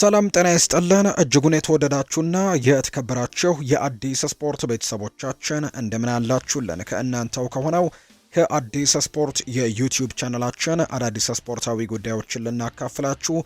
ሰላም ጤና ይስጥልን እጅጉን የተወደዳችሁና የተከበራችሁ የአዲስ ስፖርት ቤተሰቦቻችን እንደምን አላችሁልን? ከእናንተው ከሆነው ከአዲስ ስፖርት የዩቲዩብ ቻነላችን አዳዲስ ስፖርታዊ ጉዳዮችን ልናካፍላችሁ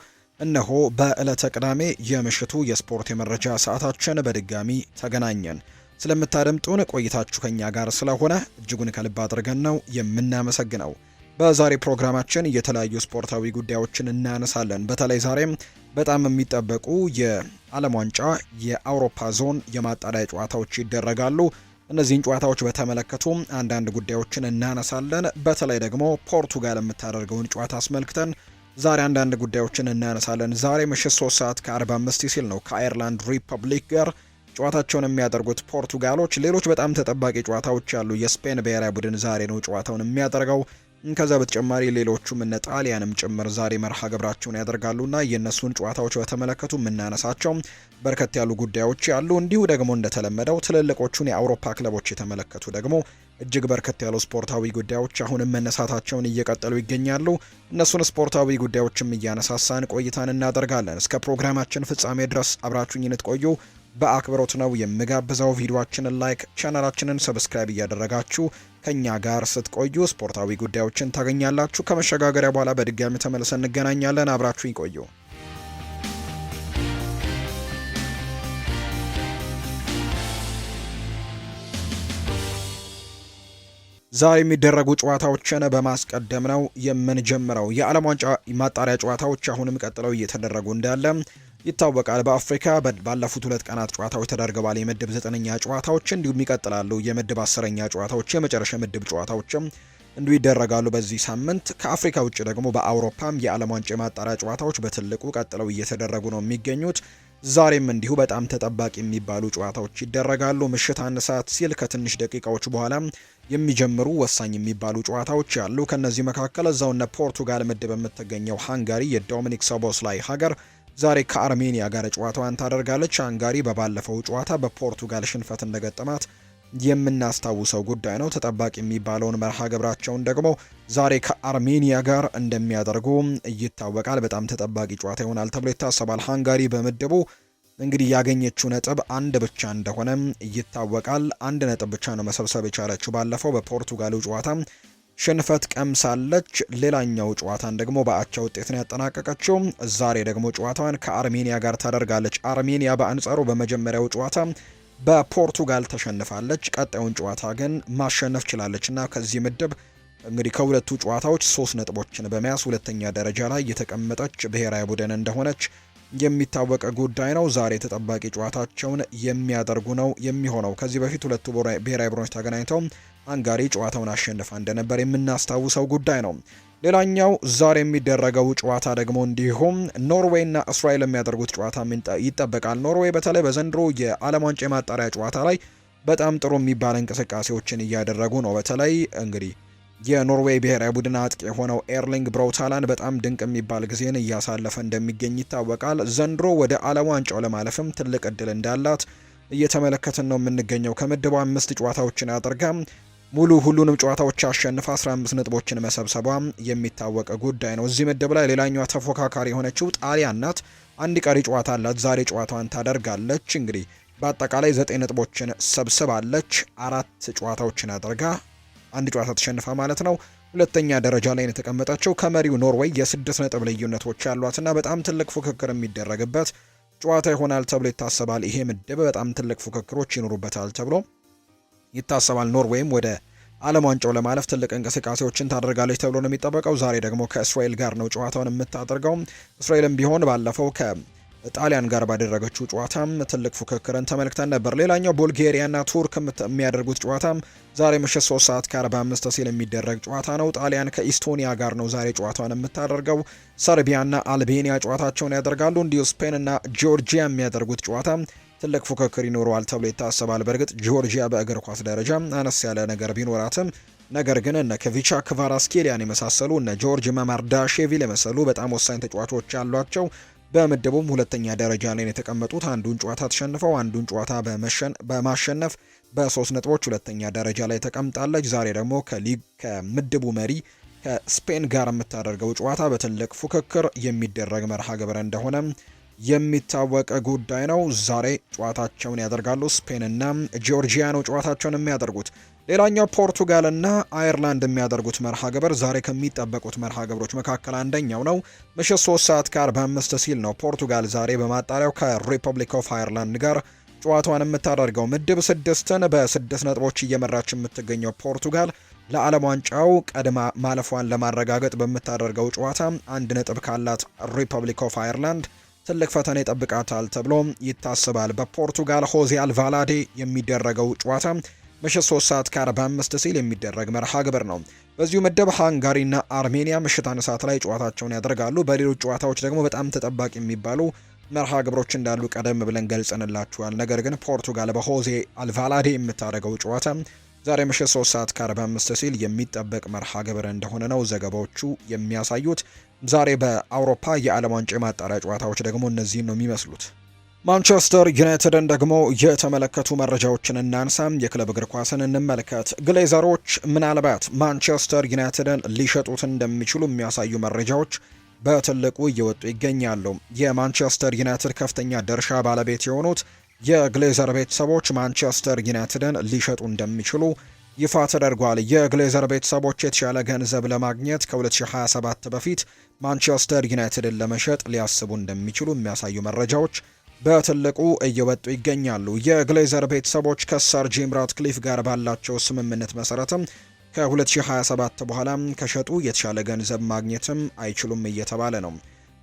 እነሆ በዕለተ ቅዳሜ የምሽቱ የስፖርት የመረጃ ሰዓታችን በድጋሚ ተገናኘን። ስለምታደምጡን ቆይታችሁ ከኛ ጋር ስለሆነ እጅጉን ከልብ አድርገን ነው የምናመሰግነው። በዛሬ ፕሮግራማችን የተለያዩ ስፖርታዊ ጉዳዮችን እናነሳለን። በተለይ ዛሬም በጣም የሚጠበቁ የዓለም ዋንጫ የአውሮፓ ዞን የማጣሪያ ጨዋታዎች ይደረጋሉ። እነዚህን ጨዋታዎች በተመለከቱ አንዳንድ ጉዳዮችን እናነሳለን። በተለይ ደግሞ ፖርቱጋል የምታደርገውን ጨዋታ አስመልክተን ዛሬ አንዳንድ ጉዳዮችን እናነሳለን። ዛሬ ምሽት 3 ሰዓት ከ45 ሲል ነው ከአየርላንድ ሪፐብሊክ ጋር ጨዋታቸውን የሚያደርጉት ፖርቱጋሎች። ሌሎች በጣም ተጠባቂ ጨዋታዎች አሉ። የስፔን ብሔራዊ ቡድን ዛሬ ነው ጨዋታውን የሚያደርገው። ከዛ በተጨማሪ ሌሎቹም እነ ጣሊያንም ጭምር ዛሬ መርሃ ግብራቸውን ያደርጋሉና የእነሱን ጨዋታዎች በተመለከቱ የምናነሳቸው በርከት ያሉ ጉዳዮች ያሉ፣ እንዲሁ ደግሞ እንደተለመደው ትልልቆቹን የአውሮፓ ክለቦች የተመለከቱ ደግሞ እጅግ በርከት ያሉ ስፖርታዊ ጉዳዮች አሁንም መነሳታቸውን እየቀጠሉ ይገኛሉ። እነሱን ስፖርታዊ ጉዳዮችም እያነሳሳን ቆይታን እናደርጋለን። እስከ ፕሮግራማችን ፍጻሜ ድረስ አብራችሁኝ ልትቆዩ በአክብሮት ነው የምጋብዘው። ቪዲዮአችንን ላይክ፣ ቻናላችንን ሰብስክራይብ እያደረጋችሁ ከእኛ ጋር ስትቆዩ ስፖርታዊ ጉዳዮችን ታገኛላችሁ። ከመሸጋገሪያ በኋላ በድጋሚ ተመልሰን እንገናኛለን። አብራችሁ ይቆዩ። ዛሬ የሚደረጉ ጨዋታዎችን በማስቀደም ነው የምንጀምረው። የዓለም ዋንጫ ማጣሪያ ጨዋታዎች አሁንም ቀጥለው እየተደረጉ እንዳለ ይታወቃል። በአፍሪካ ባለፉት ሁለት ቀናት ጨዋታዎች ተደርገዋል። የምድብ ዘጠነኛ ጨዋታዎች እንዲሁም ይቀጥላሉ። የምድብ አስረኛ ጨዋታዎች፣ የመጨረሻ ምድብ ጨዋታዎችም እንዲሁ ይደረጋሉ በዚህ ሳምንት። ከአፍሪካ ውጭ ደግሞ በአውሮፓም የዓለም ዋንጫ የማጣሪያ ጨዋታዎች በትልቁ ቀጥለው እየተደረጉ ነው የሚገኙት። ዛሬም እንዲሁ በጣም ተጠባቂ የሚባሉ ጨዋታዎች ይደረጋሉ። ምሽት አንድ ሰዓት ሲል ከትንሽ ደቂቃዎች በኋላ የሚጀምሩ ወሳኝ የሚባሉ ጨዋታዎች አሉ። ከእነዚህ መካከል እዛው እነ ፖርቱጋል ምድብ የምትገኘው ሃንጋሪ የዶሚኒክ ሶቦስላይ ሀገር ዛሬ ከአርሜኒያ ጋር ጨዋታዋን ታደርጋለች። አንጋሪ በባለፈው ጨዋታ በፖርቱጋል ሽንፈት እንደገጠማት የምናስታውሰው ጉዳይ ነው። ተጠባቂ የሚባለውን መርሃ ግብራቸውን ደግሞ ዛሬ ከአርሜኒያ ጋር እንደሚያደርጉ ይታወቃል። በጣም ተጠባቂ ጨዋታ ይሆናል ተብሎ ይታሰባል። ሃንጋሪ በምድቡ እንግዲህ ያገኘችው ነጥብ አንድ ብቻ እንደሆነ ይታወቃል። አንድ ነጥብ ብቻ ነው መሰብሰብ የቻለችው ባለፈው በፖርቱጋሉ ጨዋታ ሽንፈት ቀምሳለች። ሌላኛው ጨዋታን ደግሞ በአቻ ውጤት ነው ያጠናቀቀችው። ዛሬ ደግሞ ጨዋታዋን ከአርሜኒያ ጋር ታደርጋለች። አርሜኒያ በአንጻሩ በመጀመሪያው ጨዋታ በፖርቱጋል ተሸንፋለች። ቀጣዩን ጨዋታ ግን ማሸነፍ ችላለች እና ከዚህ ምድብ እንግዲህ ከሁለቱ ጨዋታዎች ሶስት ነጥቦችን በመያዝ ሁለተኛ ደረጃ ላይ የተቀመጠች ብሔራዊ ቡድን እንደሆነች የሚታወቀ ጉዳይ ነው። ዛሬ ተጠባቂ ጨዋታቸውን የሚያደርጉ ነው የሚሆነው። ከዚህ በፊት ሁለቱ ብሔራዊ ቡድኖች ተገናኝተው ሃንጋሪ ጨዋታውን አሸንፋ እንደነበር የምናስታውሰው ጉዳይ ነው። ሌላኛው ዛሬ የሚደረገው ጨዋታ ደግሞ እንዲሁም ኖርዌይ እና እስራኤል የሚያደርጉት ጨዋታ ይጠበቃል። ኖርዌይ በተለይ በዘንድሮ የዓለም ዋንጫ የማጣሪያ ጨዋታ ላይ በጣም ጥሩ የሚባል እንቅስቃሴዎችን እያደረጉ ነው። በተለይ እንግዲህ የኖርዌይ ብሔራዊ ቡድን አጥቂ የሆነው ኤርሊንግ ብራውታላንድ በጣም ድንቅ የሚባል ጊዜን እያሳለፈ እንደሚገኝ ይታወቃል። ዘንድሮ ወደ ዓለም ዋንጫው ለማለፍም ትልቅ እድል እንዳላት እየተመለከትን ነው የምንገኘው። ከምድቡ አምስት ጨዋታዎችን አድርጋ ሙሉ ሁሉንም ጨዋታዎች አሸንፋ 15 ነጥቦችን መሰብሰቧ የሚታወቅ ጉዳይ ነው። እዚህ ምድብ ላይ ሌላኛዋ ተፎካካሪ የሆነችው ጣሊያን ናት። አንድ ቀሪ ጨዋታ አላት። ዛሬ ጨዋታዋን ታደርጋለች። እንግዲህ በአጠቃላይ ዘጠኝ ነጥቦችን ሰብስባለች። አራት ጨዋታዎችን አድርጋ አንድ ጨዋታ ተሸንፋ ማለት ነው ሁለተኛ ደረጃ ላይ የተቀመጠችው ከመሪው ኖርዌይ የስድስት ነጥብ ልዩነቶች ያሏትና በጣም ትልቅ ፉክክር የሚደረግበት ጨዋታ ይሆናል ተብሎ ይታሰባል። ይሄ ምድብ በጣም ትልቅ ፉክክሮች ይኖሩበታል ተብሎ ይታሰባል። ኖርዌይም ወደ ዓለም ዋንጫው ለማለፍ ትልቅ እንቅስቃሴዎችን ታደርጋለች ተብሎ ነው የሚጠበቀው። ዛሬ ደግሞ ከእስራኤል ጋር ነው ጨዋታውን የምታደርገው። እስራኤልም ቢሆን ባለፈው ከጣሊያን ጋር ባደረገችው ጨዋታም ትልቅ ፉክክርን ተመልክተን ነበር። ሌላኛው ቡልጌሪያና ቱርክ የሚያደርጉት ጨዋታም ዛሬ ምሽት 3 ሰዓት ከ45 ሲል የሚደረግ ጨዋታ ነው። ጣሊያን ከኢስቶኒያ ጋር ነው ዛሬ ጨዋታውን የምታደርገው። ሰርቢያና አልቤኒያ ጨዋታቸውን ያደርጋሉ። እንዲሁ ስፔንና ጆርጂያ የሚያደርጉት ጨዋታ ትልቅ ፉክክር ይኖረዋል ተብሎ ይታሰባል። በእርግጥ ጆርጂያ በእግር ኳስ ደረጃ አነስ ያለ ነገር ቢኖራትም ነገር ግን እነ ከቪቻ ክቫራስኬሊያን የመሳሰሉ እነ ጆርጅ መማርዳሽቪሊ የመሰሉ በጣም ወሳኝ ተጫዋቾች ያሏቸው በምድቡም ሁለተኛ ደረጃ ላይ የተቀመጡት አንዱን ጨዋታ ተሸንፈው አንዱን ጨዋታ በማሸነፍ በሶስት ነጥቦች ሁለተኛ ደረጃ ላይ ተቀምጣለች። ዛሬ ደግሞ ከሊግ ከምድቡ መሪ ከስፔን ጋር የምታደርገው ጨዋታ በትልቅ ፉክክር የሚደረግ መርሃ ግብር እንደሆነ የሚታወቅ ጉዳይ ነው። ዛሬ ጨዋታቸውን ያደርጋሉ። ስፔንና ጆርጂያ ነው ጨዋታቸውን የሚያደርጉት። ሌላኛው ፖርቱጋልና አየርላንድ የሚያደርጉት መርሃ ግብር ዛሬ ከሚጠበቁት መርሃ ግብሮች መካከል አንደኛው ነው። ምሽት 3 ሰዓት ከ45 ሲል ነው ፖርቱጋል ዛሬ በማጣሪያው ከሪፐብሊክ ኦፍ አየርላንድ ጋር ጨዋታዋን የምታደርገው። ምድብ ስድስትን በስድስት ነጥቦች እየመራች የምትገኘው ፖርቱጋል ለዓለም ዋንጫው ቀድማ ማለፏን ለማረጋገጥ በምታደርገው ጨዋታ አንድ ነጥብ ካላት ሪፐብሊክ ኦፍ አየርላንድ ትልቅ ፈተና ይጠብቃታል ተብሎ ይታሰባል። በፖርቱጋል ሆዜ አልቫላዴ የሚደረገው ጨዋታ ምሽት 3 ሰዓት ከ45 ሲል የሚደረግ መርሃ ግብር ነው። በዚሁ ምድብ ሃንጋሪና አርሜኒያ ምሽት አንድ ሰዓት ላይ ጨዋታቸውን ያደርጋሉ። በሌሎች ጨዋታዎች ደግሞ በጣም ተጠባቂ የሚባሉ መርሃ ግብሮች እንዳሉ ቀደም ብለን ገልጸንላችኋል። ነገር ግን ፖርቱጋል በሆዜ አልቫላዴ የምታደርገው ጨዋታ ዛሬ ምሽት 3 ሰዓት ከ45 ሲል የሚጠበቅ መርሃ ግብር እንደሆነ ነው ዘገባዎቹ የሚያሳዩት። ዛሬ በአውሮፓ የዓለም ዋንጫ የማጣሪያ ጨዋታዎች ደግሞ እነዚህን ነው የሚመስሉት። ማንቸስተር ዩናይትድን ደግሞ የተመለከቱ መረጃዎችን እናንሳም። የክለብ እግር ኳስን እንመልከት። ግሌዘሮች ምናልባት ማንቸስተር ዩናይትድን ሊሸጡት እንደሚችሉ የሚያሳዩ መረጃዎች በትልቁ እየወጡ ይገኛሉ። የማንቸስተር ዩናይትድ ከፍተኛ ድርሻ ባለቤት የሆኑት የግሌዘር ቤተሰቦች ማንቸስተር ዩናይትድን ሊሸጡ እንደሚችሉ ይፋ ተደርጓል። የግሌዘር ቤተሰቦች የተሻለ ገንዘብ ለማግኘት ከ2027 በፊት ማንቸስተር ዩናይትድን ለመሸጥ ሊያስቡ እንደሚችሉ የሚያሳዩ መረጃዎች በትልቁ እየወጡ ይገኛሉ። የግሌዘር ቤተሰቦች ከሰር ጂም ራትክሊፍ ጋር ባላቸው ስምምነት መሰረትም ከ2027 በኋላ ከሸጡ የተሻለ ገንዘብ ማግኘትም አይችሉም እየተባለ ነው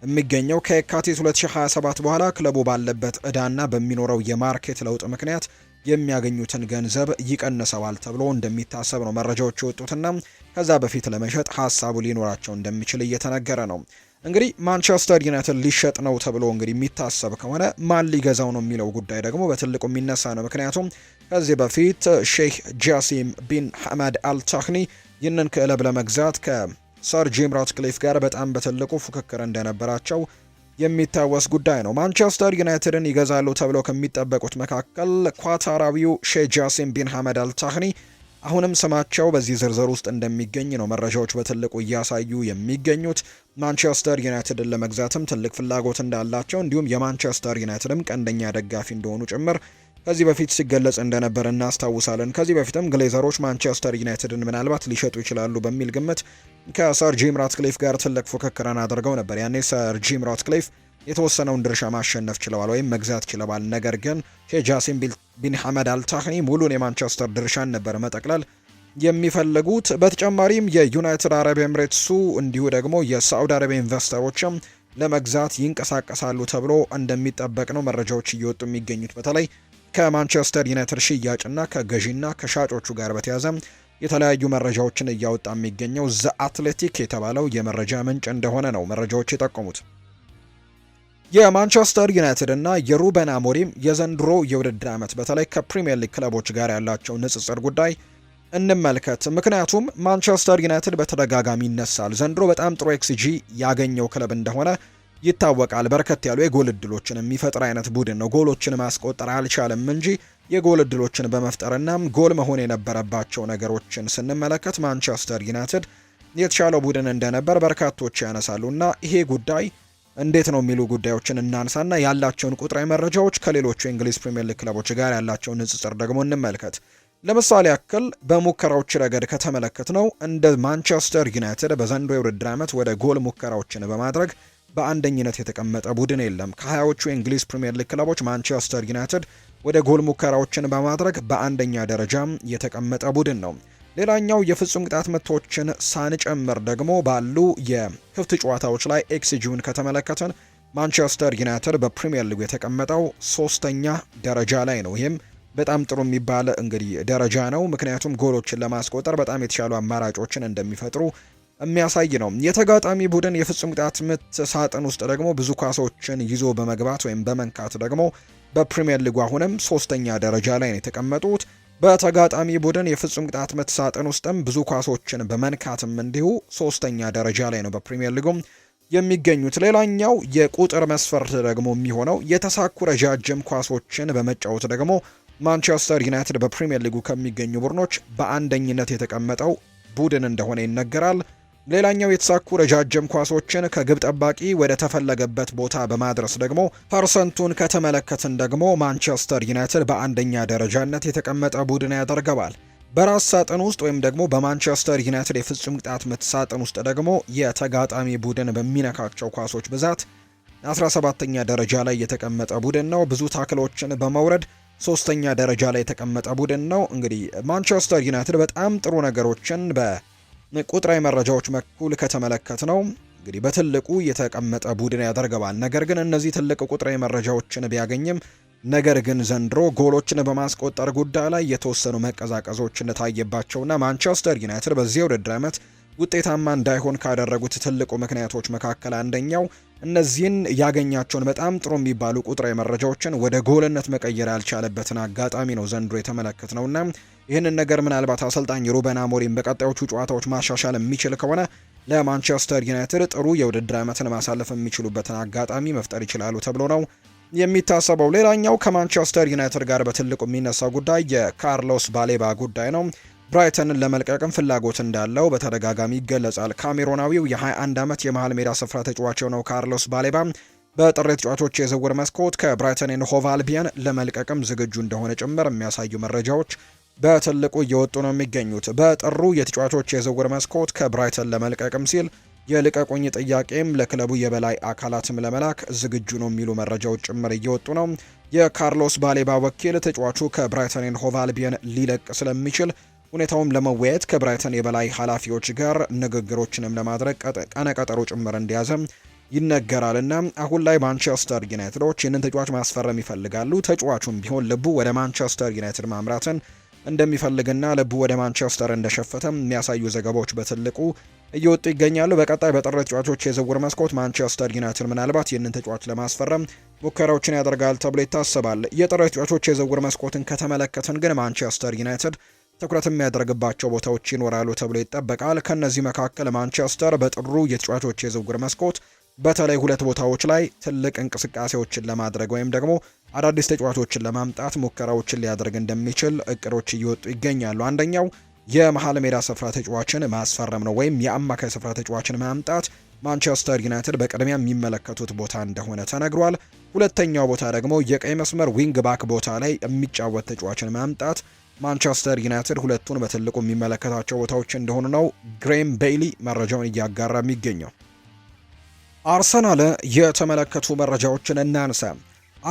የሚገኘው። ከየካቲት 2027 በኋላ ክለቡ ባለበት ዕዳና በሚኖረው የማርኬት ለውጥ ምክንያት የሚያገኙትን ገንዘብ ይቀንሰዋል ተብሎ እንደሚታሰብ ነው መረጃዎች የወጡትና ከዛ በፊት ለመሸጥ ሀሳቡ ሊኖራቸው እንደሚችል እየተነገረ ነው። እንግዲህ ማንቸስተር ዩናይትድ ሊሸጥ ነው ተብሎ እንግዲህ የሚታሰብ ከሆነ ማን ሊገዛው ነው የሚለው ጉዳይ ደግሞ በትልቁ የሚነሳ ነው። ምክንያቱም ከዚህ በፊት ሼህ ጃሲም ቢን ሐመድ አልታክኒ ይህንን ክለብ ለመግዛት ከሰር ጂም ራትክሊፍ ጋር በጣም በትልቁ ፉክክር እንደነበራቸው የሚታወስ ጉዳይ ነው። ማንቸስተር ዩናይትድን ይገዛሉ ተብለው ከሚጠበቁት መካከል ኳታራዊው ሼህ ጃሲም ቢን ሐመድ አልታህኒ አሁንም ስማቸው በዚህ ዝርዝር ውስጥ እንደሚገኝ ነው መረጃዎች በትልቁ እያሳዩ የሚገኙት። ማንቸስተር ዩናይትድን ለመግዛትም ትልቅ ፍላጎት እንዳላቸው እንዲሁም የማንቸስተር ዩናይትድም ቀንደኛ ደጋፊ እንደሆኑ ጭምር ከዚህ በፊት ሲገለጽ እንደነበር እናስታውሳለን። ከዚህ በፊትም ግሌዘሮች ማንቸስተር ዩናይትድን ምናልባት ሊሸጡ ይችላሉ በሚል ግምት ከሰር ጂም ራትክሊፍ ጋር ትልቅ ፉክክርን አድርገው ነበር። ያኔ ሰር ጂም ራትክሊፍ የተወሰነውን ድርሻ ማሸነፍ ችለዋል ወይም መግዛት ችለዋል። ነገር ግን ጃሲም ቢን ሐመድ አልታህኒ ሙሉን የማንቸስተር ድርሻን ነበር መጠቅለል የሚፈልጉት። በተጨማሪም የዩናይትድ አረብ ኤምሬትሱ እንዲሁ ደግሞ የሳዑዲ አረቢያ ኢንቨስተሮችም ለመግዛት ይንቀሳቀሳሉ ተብሎ እንደሚጠበቅ ነው መረጃዎች እየወጡ የሚገኙት በተለይ ከማንቸስተር ዩናይትድ ሽያጭና ከገዢና ከሻጮቹ ጋር በተያዘ የተለያዩ መረጃዎችን እያወጣ የሚገኘው ዘ አትሌቲክ የተባለው የመረጃ ምንጭ እንደሆነ ነው መረጃዎች የጠቆሙት። የማንቸስተር ዩናይትድ እና የሩበን አሞሪም የዘንድሮ የውድድር ዓመት በተለይ ከፕሪምየር ሊግ ክለቦች ጋር ያላቸው ንጽጽር ጉዳይ እንመልከት። ምክንያቱም ማንቸስተር ዩናይትድ በተደጋጋሚ ይነሳል። ዘንድሮ በጣም ጥሩ ኤክስጂ ያገኘው ክለብ እንደሆነ ይታወቃል። በርከት ያሉ የጎል እድሎችን የሚፈጥር አይነት ቡድን ነው። ጎሎችን ማስቆጠር አልቻለም እንጂ የጎል እድሎችን በመፍጠርና ጎል መሆን የነበረባቸው ነገሮችን ስንመለከት ማንቸስተር ዩናይትድ የተሻለው ቡድን እንደነበር በርካቶች ያነሳሉና ይሄ ጉዳይ እንዴት ነው የሚሉ ጉዳዮችን እናንሳና ያላቸውን ቁጥራዊ መረጃዎች ከሌሎቹ የእንግሊዝ ፕሪምየር ሊግ ክለቦች ጋር ያላቸውን ንጽጽር ደግሞ እንመልከት። ለምሳሌ ያክል በሙከራዎች ረገድ ከተመለከት ነው እንደ ማንቸስተር ዩናይትድ በዘንድሮው የውድድር ዓመት ወደ ጎል ሙከራዎችን በማድረግ በአንደኝነት የተቀመጠ ቡድን የለም። ከሀያዎቹ የእንግሊዝ ፕሪምየር ሊግ ክለቦች ማንቸስተር ዩናይትድ ወደ ጎል ሙከራዎችን በማድረግ በአንደኛ ደረጃ የተቀመጠ ቡድን ነው። ሌላኛው የፍጹም ቅጣት ምቶችን ሳንጨምር ደግሞ ባሉ የክፍት ጨዋታዎች ላይ ኤክስጂውን ከተመለከትን ማንቸስተር ዩናይትድ በፕሪምየር ሊጉ የተቀመጠው ሶስተኛ ደረጃ ላይ ነው። ይህም በጣም ጥሩ የሚባል እንግዲህ ደረጃ ነው። ምክንያቱም ጎሎችን ለማስቆጠር በጣም የተሻሉ አማራጮችን እንደሚፈጥሩ የሚያሳይ ነው። የተጋጣሚ ቡድን የፍጹም ቅጣት ምት ሳጥን ውስጥ ደግሞ ብዙ ኳሶችን ይዞ በመግባት ወይም በመንካት ደግሞ በፕሪምየር ሊጉ አሁንም ሶስተኛ ደረጃ ላይ ነው የተቀመጡት። በተጋጣሚ ቡድን የፍጹም ቅጣት ምት ሳጥን ውስጥም ብዙ ኳሶችን በመንካትም እንዲሁ ሶስተኛ ደረጃ ላይ ነው በፕሪምየር ሊጉም የሚገኙት። ሌላኛው የቁጥር መስፈርት ደግሞ የሚሆነው የተሳኩ ረጃጅም ኳሶችን በመጫወት ደግሞ ማንቸስተር ዩናይትድ በፕሪምየር ሊጉ ከሚገኙ ቡድኖች በአንደኝነት የተቀመጠው ቡድን እንደሆነ ይነገራል። ሌላኛው የተሳኩ ረጃጅም ኳሶችን ከግብ ጠባቂ ወደ ተፈለገበት ቦታ በማድረስ ደግሞ ፐርሰንቱን ከተመለከትን ደግሞ ማንቸስተር ዩናይትድ በአንደኛ ደረጃነት የተቀመጠ ቡድን ያደርገዋል። በራስ ሳጥን ውስጥ ወይም ደግሞ በማንቸስተር ዩናይትድ የፍጹም ቅጣት ምት ሳጥን ውስጥ ደግሞ የተጋጣሚ ቡድን በሚነካቸው ኳሶች ብዛት 17ኛ ደረጃ ላይ የተቀመጠ ቡድን ነው። ብዙ ታክሎችን በመውረድ ሶስተኛ ደረጃ ላይ የተቀመጠ ቡድን ነው። እንግዲህ ማንቸስተር ዩናይትድ በጣም ጥሩ ነገሮችን በ ቁጥራዊ መረጃዎች መኩል ከተመለከት ነው እንግዲህ በትልቁ የተቀመጠ ቡድን ያደርገዋል። ነገር ግን እነዚህ ትልቅ ቁጥራዊ መረጃዎችን ቢያገኝም ነገር ግን ዘንድሮ ጎሎችን በማስቆጠር ጉዳይ ላይ የተወሰኑ መቀዛቀዞች እንደታየባቸውና ማንቸስተር ዩናይትድ በዚህ ውድድር ዓመት ውጤታማ እንዳይሆን ካደረጉት ትልቁ ምክንያቶች መካከል አንደኛው እነዚህን ያገኛቸውን በጣም ጥሩ የሚባሉ ቁጥራዊ መረጃዎችን ወደ ጎልነት መቀየር ያልቻለበትን አጋጣሚ ነው ዘንድሮ የተመለከት ነውና ይህንን ነገር ምናልባት አሰልጣኝ ሩበን አሞሪም በቀጣዮቹ ጨዋታዎች ማሻሻል የሚችል ከሆነ ለማንቸስተር ዩናይትድ ጥሩ የውድድር ዓመትን ማሳለፍ የሚችሉበትን አጋጣሚ መፍጠር ይችላሉ ተብሎ ነው የሚታሰበው። ሌላኛው ከማንቸስተር ዩናይትድ ጋር በትልቁ የሚነሳ ጉዳይ የካርሎስ ባሌባ ጉዳይ ነው። ብራይተንን ለመልቀቅም ፍላጎት እንዳለው በተደጋጋሚ ይገለጻል። ካሜሮናዊው የ21 ዓመት የመሃል ሜዳ ስፍራ ተጫዋቸው ነው ካርሎስ ባሌባ በጥር ተጫዋቾች የዝውውር መስኮት ከብራይተን ኤንድ ሆቭ አልቢየን ለመልቀቅም ዝግጁ እንደሆነ ጭምር የሚያሳዩ መረጃዎች በትልቁ እየወጡ ነው የሚገኙት። በጥሩ የተጫዋቾች የዝውውር መስኮት ከብራይተን ለመልቀቅም ሲል የልቀቁኝ ጥያቄም ለክለቡ የበላይ አካላትም ለመላክ ዝግጁ ነው የሚሉ መረጃዎች ጭምር እየወጡ ነው። የካርሎስ ባሌባ ወኪል ተጫዋቹ ከብራይተን ኤንድ ሆቭ አልቢየን ሊለቅ ስለሚችል ሁኔታውም ለመወያየት ከብራይተን የበላይ ኃላፊዎች ጋር ንግግሮችንም ለማድረግ ቀነቀጠሮ ጭምር ይነገራል ይነገራልና አሁን ላይ ማንቸስተር ዩናይትዶች ይህንን ተጫዋች ማስፈረም ይፈልጋሉ። ተጫዋቹም ቢሆን ልቡ ወደ ማንቸስተር ዩናይትድ ማምራትን እንደሚፈልግና ልቡ ወደ ማንቸስተር እንደሸፈተ የሚያሳዩ ዘገባዎች በትልቁ እየወጡ ይገኛሉ። በቀጣይ በጥር ተጫዋቾች የዝውውር መስኮት ማንቸስተር ዩናይትድ ምናልባት ይህንን ተጫዋች ለማስፈረም ሙከራዎችን ያደርጋል ተብሎ ይታሰባል። የጥር ተጫዋቾች የዝውውር መስኮትን ከተመለከትን ግን ማንቸስተር ዩናይትድ ትኩረት የሚያደርግባቸው ቦታዎች ይኖራሉ ተብሎ ይጠበቃል። ከእነዚህ መካከል ማንቸስተር በጥሩ የተጫዋቾች የዝውውር መስኮት በተለይ ሁለት ቦታዎች ላይ ትልቅ እንቅስቃሴዎችን ለማድረግ ወይም ደግሞ አዳዲስ ተጫዋቾችን ለማምጣት ሙከራዎችን ሊያደርግ እንደሚችል እቅዶች እየወጡ ይገኛሉ። አንደኛው የመሀል ሜዳ ስፍራ ተጫዋችን ማስፈረም ነው ወይም የአማካይ ስፍራ ተጫዋችን ማምጣት ማንቸስተር ዩናይትድ በቅድሚያ የሚመለከቱት ቦታ እንደሆነ ተነግሯል። ሁለተኛው ቦታ ደግሞ የቀይ መስመር ዊንግ ባክ ቦታ ላይ የሚጫወት ተጫዋችን ማምጣት ማንቸስተር ዩናይትድ ሁለቱን በትልቁ የሚመለከታቸው ቦታዎች እንደሆኑ ነው ግሬም ቤይሊ መረጃውን እያጋራ የሚገኘው። አርሰናል የተመለከቱ መረጃዎችን እናንሳ።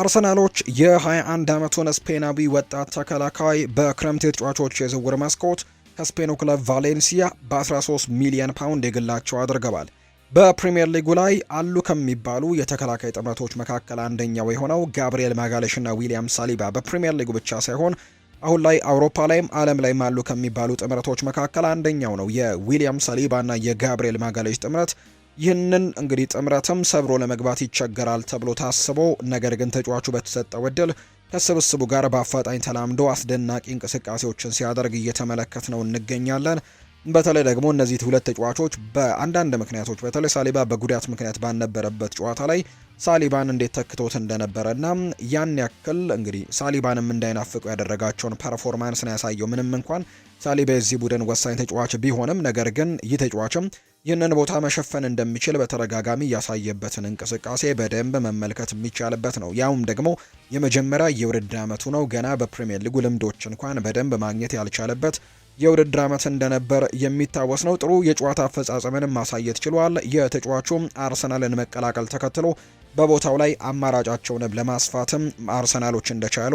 አርሰናሎች የ21 ዓመቱን ስፔናዊ ወጣት ተከላካይ በክረምት የተጫዋቾች የዝውውር መስኮት ከስፔኑ ክለብ ቫሌንሲያ በ13 ሚሊዮን ፓውንድ የግላቸው አድርገዋል። በፕሪምየር ሊጉ ላይ አሉ ከሚባሉ የተከላካይ ጥምረቶች መካከል አንደኛው የሆነው ጋብሪኤል ማጋሌሽና ዊሊያም ሳሊባ በፕሪምየር ሊጉ ብቻ ሳይሆን አሁን ላይ አውሮፓ ላይም ዓለም ላይም አሉ ከሚባሉ ጥምረቶች መካከል አንደኛው ነው የዊሊያም ሰሊባና የጋብሪኤል ማጋሌጅ ጥምረት። ይህንን እንግዲህ ጥምረትም ሰብሮ ለመግባት ይቸገራል ተብሎ ታስቦ፣ ነገር ግን ተጫዋቹ በተሰጠው እድል ከስብስቡ ጋር በአፋጣኝ ተላምዶ አስደናቂ እንቅስቃሴዎችን ሲያደርግ እየተመለከት ነው እንገኛለን። በተለይ ደግሞ እነዚህ ሁለት ተጫዋቾች በአንዳንድ ምክንያቶች በተለይ ሳሊባ በጉዳት ምክንያት ባልነበረበት ጨዋታ ላይ ሳሊባን እንዴት ተክቶት እንደነበረና ያን ያክል እንግዲህ ሳሊባንም እንዳይናፍቁ ያደረጋቸውን ፐርፎርማንስ ነው ያሳየው። ምንም እንኳን ሳሊባ የዚህ ቡድን ወሳኝ ተጫዋች ቢሆንም ነገር ግን ይህ ተጫዋችም ይህንን ቦታ መሸፈን እንደሚችል በተደጋጋሚ ያሳየበትን እንቅስቃሴ በደንብ መመልከት የሚቻልበት ነው። ያውም ደግሞ የመጀመሪያ የውድድር ዓመቱ ነው። ገና በፕሪምየር ሊጉ ልምዶች እንኳን በደንብ ማግኘት ያልቻለበት የውድድር ዓመት እንደነበር የሚታወስ ነው። ጥሩ የጨዋታ አፈጻጸምን ማሳየት ችሏል። የተጫዋቹም አርሰናልን መቀላቀል ተከትሎ በቦታው ላይ አማራጫቸውንም ለማስፋትም አርሰናሎች እንደቻሉ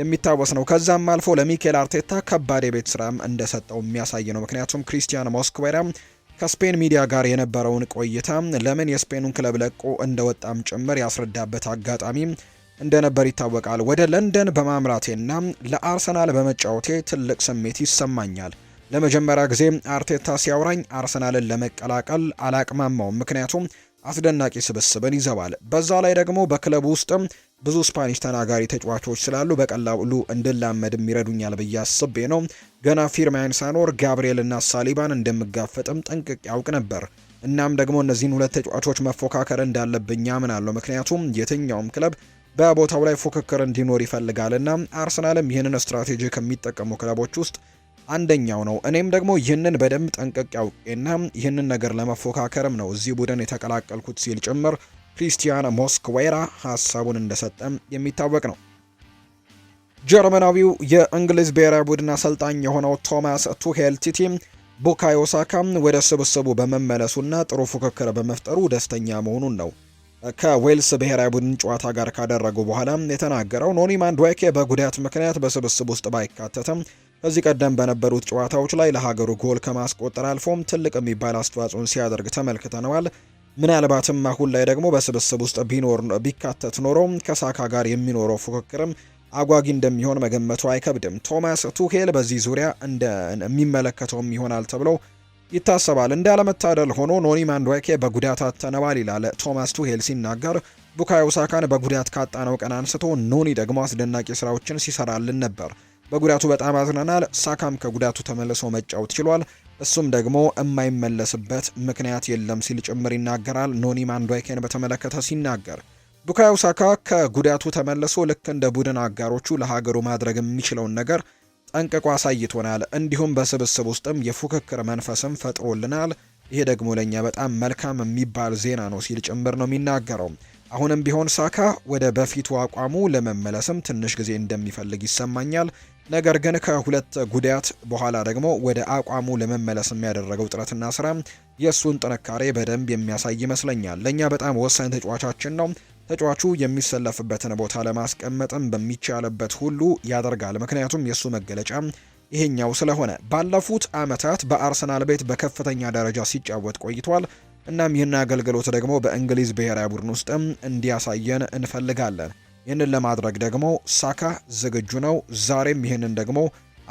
የሚታወስ ነው። ከዛም አልፎ ለሚኬል አርቴታ ከባድ የቤት ስራም እንደሰጠው የሚያሳይ ነው። ምክንያቱም ክሪስቲያን ሞስኩዌራ ከስፔን ሚዲያ ጋር የነበረውን ቆይታ ለምን የስፔኑን ክለብ ለቆ እንደወጣም ጭምር ያስረዳበት አጋጣሚ እንደነበር ይታወቃል። ወደ ለንደን በማምራቴና ለአርሰናል በመጫወቴ ትልቅ ስሜት ይሰማኛል። ለመጀመሪያ ጊዜ አርቴታ ሲያውራኝ አርሰናልን ለመቀላቀል አላቅማማውም፣ ምክንያቱም አስደናቂ ስብስብን ይዘዋል። በዛ ላይ ደግሞ በክለቡ ውስጥም ብዙ ስፓኒሽ ተናጋሪ ተጫዋቾች ስላሉ በቀላሉ እንድላመድም ይረዱኛል ብዬ አስቤ ነው። ገና ፊርማዬን ሳኖር እና ሳሊባን እንደምጋፈጥም ጠንቅቅ ያውቅ ነበር። እናም ደግሞ እነዚህን ሁለት ተጫዋቾች መፎካከር እንዳለብኝ አምናለሁ፣ ምክንያቱም የትኛውም ክለብ በቦታው ላይ ፉክክር እንዲኖር ይፈልጋልና አርሰናልም ይህንን ስትራቴጂ ከሚጠቀሙ ክለቦች ውስጥ አንደኛው ነው። እኔም ደግሞ ይህንን በደንብ ጠንቀቅ ያውቄና ይህንን ነገር ለመፎካከርም ነው እዚህ ቡድን የተቀላቀልኩት ሲል ጭምር ክሪስቲያን ሞስክዌራ ሀሳቡን እንደሰጠም የሚታወቅ ነው። ጀርመናዊው የእንግሊዝ ብሔራዊ ቡድን አሰልጣኝ የሆነው ቶማስ ቱሄል ቲቲ ቡካዮ ወደ ስብስቡ በመመለሱና ጥሩ ፉክክር በመፍጠሩ ደስተኛ መሆኑን ነው ከዌልስ ብሔራዊ ቡድን ጨዋታ ጋር ካደረጉ በኋላ የተናገረው ኖኒ ማንድዌኬ በጉዳት ምክንያት በስብስብ ውስጥ ባይካተትም ከዚህ ቀደም በነበሩት ጨዋታዎች ላይ ለሀገሩ ጎል ከማስቆጠር አልፎም ትልቅ የሚባል አስተዋጽኦን ሲያደርግ ተመልክተነዋል። ምናልባትም አሁን ላይ ደግሞ በስብስብ ውስጥ ቢኖር ቢካተት ኖሮ ከሳካ ጋር የሚኖረው ፉክክርም አጓጊ እንደሚሆን መገመቱ አይከብድም። ቶማስ ቱሄል በዚህ ዙሪያ እንደሚመለከተውም ይሆናል ተብለው ይታሰባል። እንዳለመታደል ሆኖ ኖኒ ማንዱኬ በጉዳት አተነዋል ይላል ቶማስ ቱሄል ሲናገር፣ ቡካዮ ሳካን በጉዳት ካጣነው ቀን አንስቶ ኖኒ ደግሞ አስደናቂ ስራዎችን ሲሰራልን ነበር። በጉዳቱ በጣም አዝነናል። ሳካም ከጉዳቱ ተመልሶ መጫወት ችሏል። እሱም ደግሞ የማይመለስበት ምክንያት የለም ሲል ጭምር ይናገራል። ኖኒ ማንዱኬን በተመለከተ ሲናገር ቡካዮ ሳካ ከጉዳቱ ተመልሶ ልክ እንደ ቡድን አጋሮቹ ለሀገሩ ማድረግ የሚችለውን ነገር ጠንቅቆ አሳይቶናል። እንዲሁም በስብስብ ውስጥም የፉክክር መንፈስም ፈጥሮልናል። ይሄ ደግሞ ለእኛ በጣም መልካም የሚባል ዜና ነው ሲል ጭምር ነው የሚናገረው። አሁንም ቢሆን ሳካ ወደ በፊቱ አቋሙ ለመመለስም ትንሽ ጊዜ እንደሚፈልግ ይሰማኛል። ነገር ግን ከሁለት ጉዳት በኋላ ደግሞ ወደ አቋሙ ለመመለስ የሚያደረገው ጥረትና ስራ የእሱን ጥንካሬ በደንብ የሚያሳይ ይመስለኛል። ለእኛ በጣም ወሳኝ ተጫዋቻችን ነው። ተጫዋቹ የሚሰለፍበትን ቦታ ለማስቀመጥም በሚቻልበት ሁሉ ያደርጋል። ምክንያቱም የእሱ መገለጫ ይሄኛው ስለሆነ ባለፉት ዓመታት በአርሰናል ቤት በከፍተኛ ደረጃ ሲጫወት ቆይቷል። እናም ይህን አገልግሎት ደግሞ በእንግሊዝ ብሔራዊ ቡድን ውስጥም እንዲያሳየን እንፈልጋለን። ይህንን ለማድረግ ደግሞ ሳካ ዝግጁ ነው። ዛሬም ይህንን ደግሞ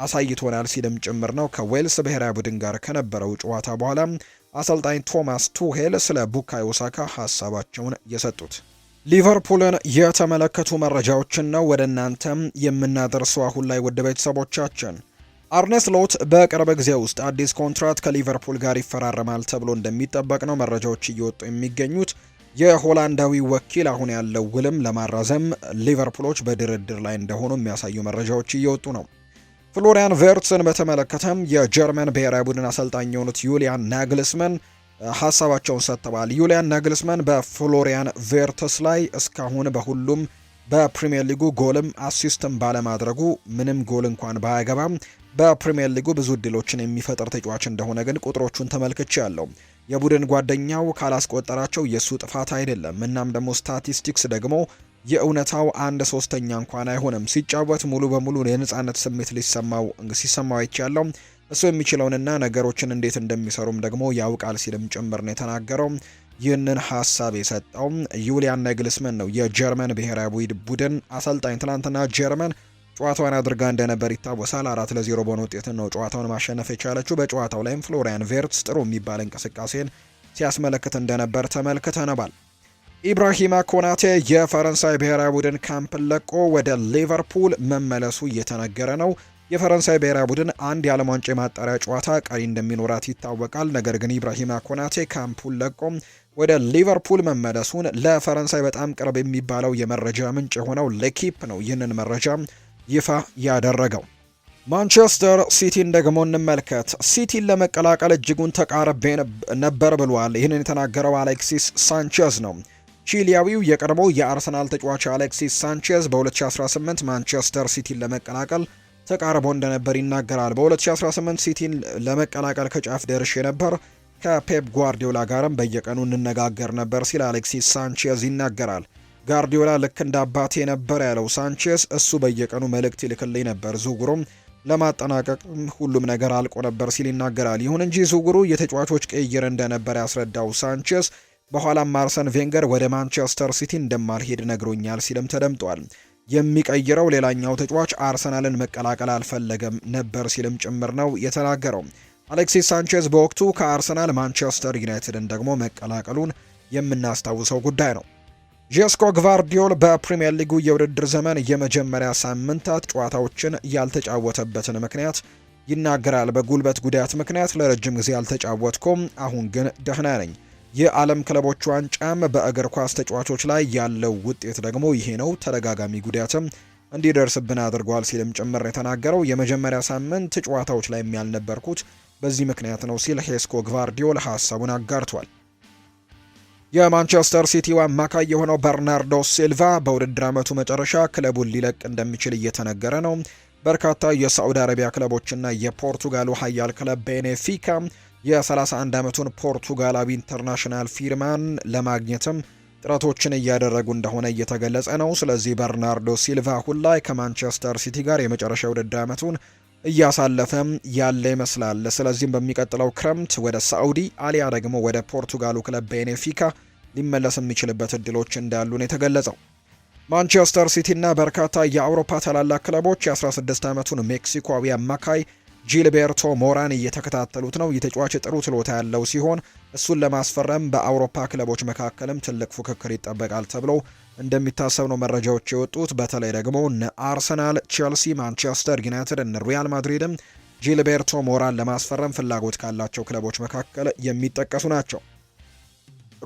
አሳይቶናል ሲልም ጭምር ነው ከዌልስ ብሔራዊ ቡድን ጋር ከነበረው ጨዋታ በኋላ አሰልጣኝ ቶማስ ቱሄል ስለ ቡካዮ ሳካ ሀሳባቸውን የሰጡት። ሊቨርፑልን የተመለከቱ መረጃዎችን ነው ወደ እናንተም የምናደርሰው አሁን ላይ ውድ ቤተሰቦቻችን። አርነ ስሎት በቅርብ ጊዜ ውስጥ አዲስ ኮንትራት ከሊቨርፑል ጋር ይፈራረማል ተብሎ እንደሚጠበቅ ነው መረጃዎች እየወጡ የሚገኙት። የሆላንዳዊ ወኪል አሁን ያለው ውልም ለማራዘም ሊቨርፑሎች በድርድር ላይ እንደሆኑ የሚያሳዩ መረጃዎች እየወጡ ነው። ፍሎሪያን ቬርትስን በተመለከተም የጀርመን ብሔራዊ ቡድን አሰልጣኝ የሆኑት ዩሊያን ናግልስመን ሀሳባቸውን ሰጥተዋል። ዩሊያን ነግልስመን በፍሎሪያን ቬርተስ ላይ እስካሁን በሁሉም በፕሪምየር ሊጉ ጎልም አሲስትም ባለማድረጉ ምንም ጎል እንኳን ባያገባም በፕሪምየር ሊጉ ብዙ እድሎችን የሚፈጥር ተጫዋች እንደሆነ ግን ቁጥሮቹን ተመልክቼ ያለው የቡድን ጓደኛው ካላስቆጠራቸው የእሱ ጥፋት አይደለም። እናም ደግሞ ስታቲስቲክስ ደግሞ የእውነታው አንድ ሶስተኛ እንኳን አይሆንም። ሲጫወት ሙሉ በሙሉ የነፃነት ስሜት ሊሰማው ሲሰማው አይቻለው። እሱ የሚችለውንና ነገሮችን እንዴት እንደሚሰሩም ደግሞ ያውቃል ሲልም ጭምር ነው የተናገረው። ይህንን ሀሳብ የሰጠው ዩሊያን ነግልስመን ነው፣ የጀርመን ብሔራዊ ቡድን አሰልጣኝ። ትናንትና ጀርመን ጨዋታዋን አድርጋ እንደነበር ይታወሳል። አራት ለዜሮ በሆነ ውጤት ነው ጨዋታውን ማሸነፍ የቻለችው። በጨዋታው ላይም ፍሎሪያን ቬርትስ ጥሩ የሚባል እንቅስቃሴን ሲያስመለክት እንደነበር ተመልክተነባል። ኢብራሂማ ኮናቴ የፈረንሳይ ብሔራዊ ቡድን ካምፕን ለቆ ወደ ሊቨርፑል መመለሱ እየተነገረ ነው። የፈረንሳይ ብሔራዊ ቡድን አንድ የዓለም ዋንጫ የማጣሪያ ጨዋታ ቀሪ እንደሚኖራት ይታወቃል። ነገር ግን ኢብራሂማ ኮናቴ ካምፑን ለቆ ወደ ሊቨርፑል መመለሱን ለፈረንሳይ በጣም ቅርብ የሚባለው የመረጃ ምንጭ የሆነው ሌኪፕ ነው ይህንን መረጃ ይፋ ያደረገው። ማንቸስተር ሲቲን ደግሞ እንመልከት። ሲቲን ለመቀላቀል እጅጉን ተቃርቤ ነበር ብሏል። ይህንን የተናገረው አሌክሲስ ሳንቸዝ ነው። ቺሊያዊው የቀድሞ የአርሰናል ተጫዋች አሌክሲስ ሳንቼዝ በ2018 ማንቸስተር ሲቲን ለመቀላቀል ተቃርቦ እንደነበር ይናገራል። በ2018 ሲቲን ለመቀላቀል ከጫፍ ደርሼ ነበር፣ ከፔፕ ጓርዲዮላ ጋርም በየቀኑ እንነጋገር ነበር ሲል አሌክሲስ ሳንቼዝ ይናገራል። ጓርዲዮላ ልክ እንደ አባቴ ነበር ያለው ሳንቼዝ፣ እሱ በየቀኑ መልእክት ይልክልኝ ነበር። ዝውውሩም ለማጠናቀቅ ሁሉም ነገር አልቆ ነበር ሲል ይናገራል። ይሁን እንጂ ዝውውሩ የተጫዋቾች ቅይር እንደነበር ያስረዳው ሳንቼዝ በኋላም አርሰን ቬንገር ወደ ማንቸስተር ሲቲ እንደማልሄድ ነግሮኛል ሲልም ተደምጧል። የሚቀይረው ሌላኛው ተጫዋች አርሰናልን መቀላቀል አልፈለገም ነበር ሲልም ጭምር ነው የተናገረው። አሌክሲስ ሳንቼዝ በወቅቱ ከአርሰናል ማንቸስተር ዩናይትድን ደግሞ መቀላቀሉን የምናስታውሰው ጉዳይ ነው። ጄስኮ ግቫርዲዮል በፕሪምየር ሊጉ የውድድር ዘመን የመጀመሪያ ሳምንታት ጨዋታዎችን ያልተጫወተበትን ምክንያት ይናገራል። በጉልበት ጉዳት ምክንያት ለረጅም ጊዜ አልተጫወትኩም፣ አሁን ግን ደህና ነኝ የዓለም ክለቦች ዋንጫም በእግር ኳስ ተጫዋቾች ላይ ያለው ውጤት ደግሞ ይሄ ነው። ተደጋጋሚ ጉዳትም እንዲደርስብን አድርጓል ሲልም ጭምር የተናገረው የመጀመሪያ ሳምንት ጨዋታዎች ላይ የሚያልነበርኩት በዚህ ምክንያት ነው ሲል ሄስኮ ግቫርዲዮል ሀሳቡን አጋርቷል። የማንቸስተር ሲቲው አማካይ የሆነው በርናርዶ ሲልቫ በውድድር ዓመቱ መጨረሻ ክለቡን ሊለቅ እንደሚችል እየተነገረ ነው። በርካታ የሳዑዲ አረቢያ ክለቦችና የፖርቱጋሉ ሀያል ክለብ ቤኔፊካ የ31 ዓመቱን ፖርቱጋላዊ ኢንተርናሽናል ፊርማን ለማግኘትም ጥረቶችን እያደረጉ እንደሆነ እየተገለጸ ነው። ስለዚህ በርናርዶ ሲልቫ አሁን ላይ ከማንቸስተር ሲቲ ጋር የመጨረሻ ውድድር ዓመቱን እያሳለፈ ያለ ይመስላል። ስለዚህም በሚቀጥለው ክረምት ወደ ሳዑዲ አሊያ ደግሞ ወደ ፖርቱጋሉ ክለብ ቤኔፊካ ሊመለስ የሚችልበት እድሎች እንዳሉ ነው የተገለጸው። ማንቸስተር ሲቲ እና በርካታ የአውሮፓ ታላላቅ ክለቦች የ16 ዓመቱን ሜክሲኮዊ አማካይ ጂልቤርቶ ሞራን እየተከታተሉት ነው። የተጫዋች ጥሩ ችሎታ ያለው ሲሆን እሱን ለማስፈረም በአውሮፓ ክለቦች መካከልም ትልቅ ፉክክር ይጠበቃል ተብሎ እንደሚታሰብ ነው መረጃዎች የወጡት። በተለይ ደግሞ አርሰናል፣ ቼልሲ፣ ማንቸስተር ዩናይትድ፣ እና ሪያል ማድሪድም ጂልቤርቶ ሞራን ለማስፈረም ፍላጎት ካላቸው ክለቦች መካከል የሚጠቀሱ ናቸው።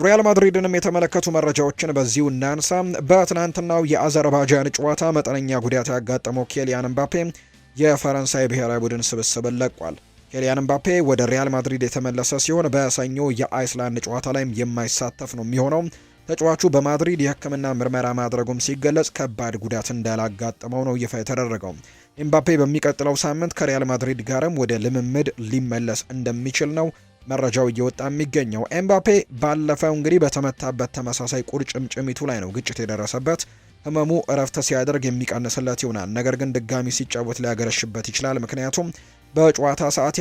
ሪያል ማድሪድንም የተመለከቱ መረጃዎችን በዚሁ እናንሳ። በትናንትናው የአዘርባይጃን ጨዋታ መጠነኛ ጉዳት ያጋጠመው ኬሊያን ምባፔ የፈረንሳይ ብሔራዊ ቡድን ስብስብን ለቋል። ኬሊያን ምባፔ ወደ ሪያል ማድሪድ የተመለሰ ሲሆን በሰኞ የአይስላንድ ጨዋታ ላይም የማይሳተፍ ነው የሚሆነው። ተጫዋቹ በማድሪድ የሕክምና ምርመራ ማድረጉም ሲገለጽ ከባድ ጉዳት እንዳላጋጠመው ነው ይፋ የተደረገው። ኤምባፔ በሚቀጥለው ሳምንት ከሪያል ማድሪድ ጋርም ወደ ልምምድ ሊመለስ እንደሚችል ነው መረጃው እየወጣ የሚገኘው ኤምባፔ ባለፈው እንግዲህ በተመታበት ተመሳሳይ ቁርጭምጭሚቱ ላይ ነው ግጭት የደረሰበት። ህመሙ እረፍት ሲያደርግ የሚቀንስለት ይሆናል። ነገር ግን ድጋሚ ሲጫወት ሊያገረሽበት ይችላል። ምክንያቱም በጨዋታ ሰዓት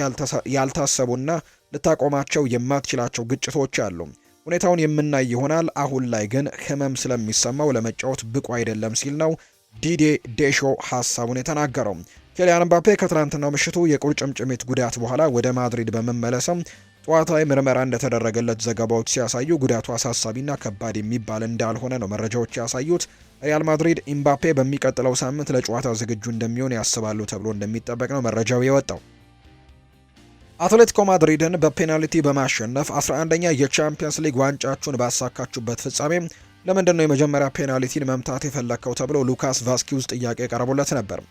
ያልታሰቡና ልታቆማቸው የማትችላቸው ግጭቶች አሉ። ሁኔታውን የምናይ ይሆናል። አሁን ላይ ግን ህመም ስለሚሰማው ለመጫወት ብቁ አይደለም ሲል ነው ዲዴ ዴሾ ሀሳቡን የተናገረው። ኬሊያን ምባፔ ከትናንትናው ምሽቱ የቁርጭምጭሚት ጉዳት በኋላ ወደ ማድሪድ በመመለስም ጨዋታዊ ምርመራ እንደተደረገለት ዘገባዎች ሲያሳዩ ጉዳቱ አሳሳቢና ከባድ የሚባል እንዳልሆነ ነው መረጃዎች ያሳዩት። ሪያል ማድሪድ ኢምባፔ በሚቀጥለው ሳምንት ለጨዋታ ዝግጁ እንደሚሆን ያስባሉ ተብሎ እንደሚጠበቅ ነው መረጃው የወጣው። አትሌቲኮ ማድሪድን በፔናልቲ በማሸነፍ 11ኛ የቻምፒየንስ ሊግ ዋንጫችሁን ባሳካችሁበት ፍጻሜ ለምንድን ነው የመጀመሪያ ፔናልቲን መምታት የፈለግከው ተብሎ ሉካስ ቫስኪውዝ ጥያቄ ቀርቦለት ነበር።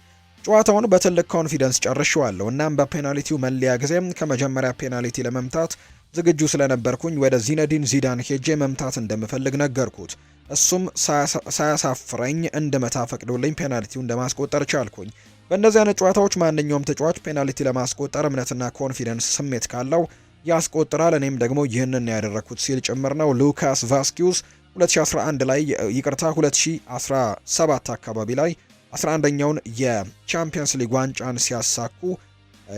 ጨዋታውን በትልቅ ኮንፊደንስ ጨርሸዋለሁ። እናም በፔናልቲው መለያ ጊዜ ከመጀመሪያ ፔናልቲ ለመምታት ዝግጁ ስለነበርኩኝ ወደ ዚነዲን ዚዳን ሄጄ መምታት እንደምፈልግ ነገርኩት። እሱም ሳያሳፍረኝ እንድመታ ፈቅዶልኝ ፔናልቲው እንደማስቆጠር ቻልኩኝ። በእነዚህ አይነት ጨዋታዎች ማንኛውም ተጫዋች ፔናልቲ ለማስቆጠር እምነትና ኮንፊደንስ ስሜት ካለው ያስቆጥራል። እኔም ደግሞ ይህንን ያደረግኩት ሲል ጭምር ነው ሉካስ ቫስኪዩስ 2011 ላይ ይቅርታ 2017 አካባቢ ላይ 11ኛውን የቻምፒየንስ ሊግ ዋንጫን ሲያሳኩ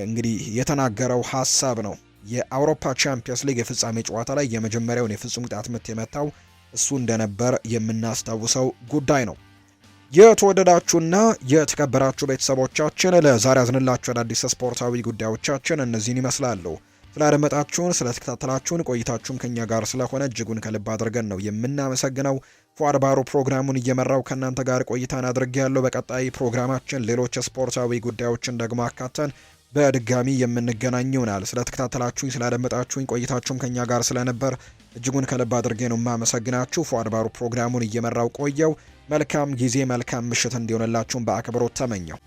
እንግዲህ የተናገረው ሀሳብ ነው። የአውሮፓ ቻምፒየንስ ሊግ የፍጻሜ ጨዋታ ላይ የመጀመሪያውን የፍጹም ቅጣት ምት የመታው እሱ እንደነበር የምናስታውሰው ጉዳይ ነው። የተወደዳችሁና የተከበራችሁ ቤተሰቦቻችን ለዛሬ ያዝንላችሁ አዳዲስ ስፖርታዊ ጉዳዮቻችን እነዚህን ይመስላሉ። ስላደመጣችሁን፣ ስለተከታተላችሁን ቆይታችሁም ከኛ ጋር ስለሆነ እጅጉን ከልብ አድርገን ነው የምናመሰግነው። ፏርባሩ ፕሮግራሙን እየመራው ከእናንተ ጋር ቆይታን አድርግ ያለው። በቀጣይ ፕሮግራማችን ሌሎች ስፖርታዊ ጉዳዮችን ደግሞ አካተን በድጋሚ የምንገናኝ ይሆናል። ስለተከታተላችሁኝ፣ ስላደመጣችሁኝ ቆይታችሁም ከኛ ጋር ስለነበር እጅጉን ከልብ አድርጌ ነው የማመሰግናችሁ። ፏድባሩ ፕሮግራሙን እየመራው ቆየው። መልካም ጊዜ፣ መልካም ምሽት እንዲሆንላችሁም በአክብሮት ተመኘው።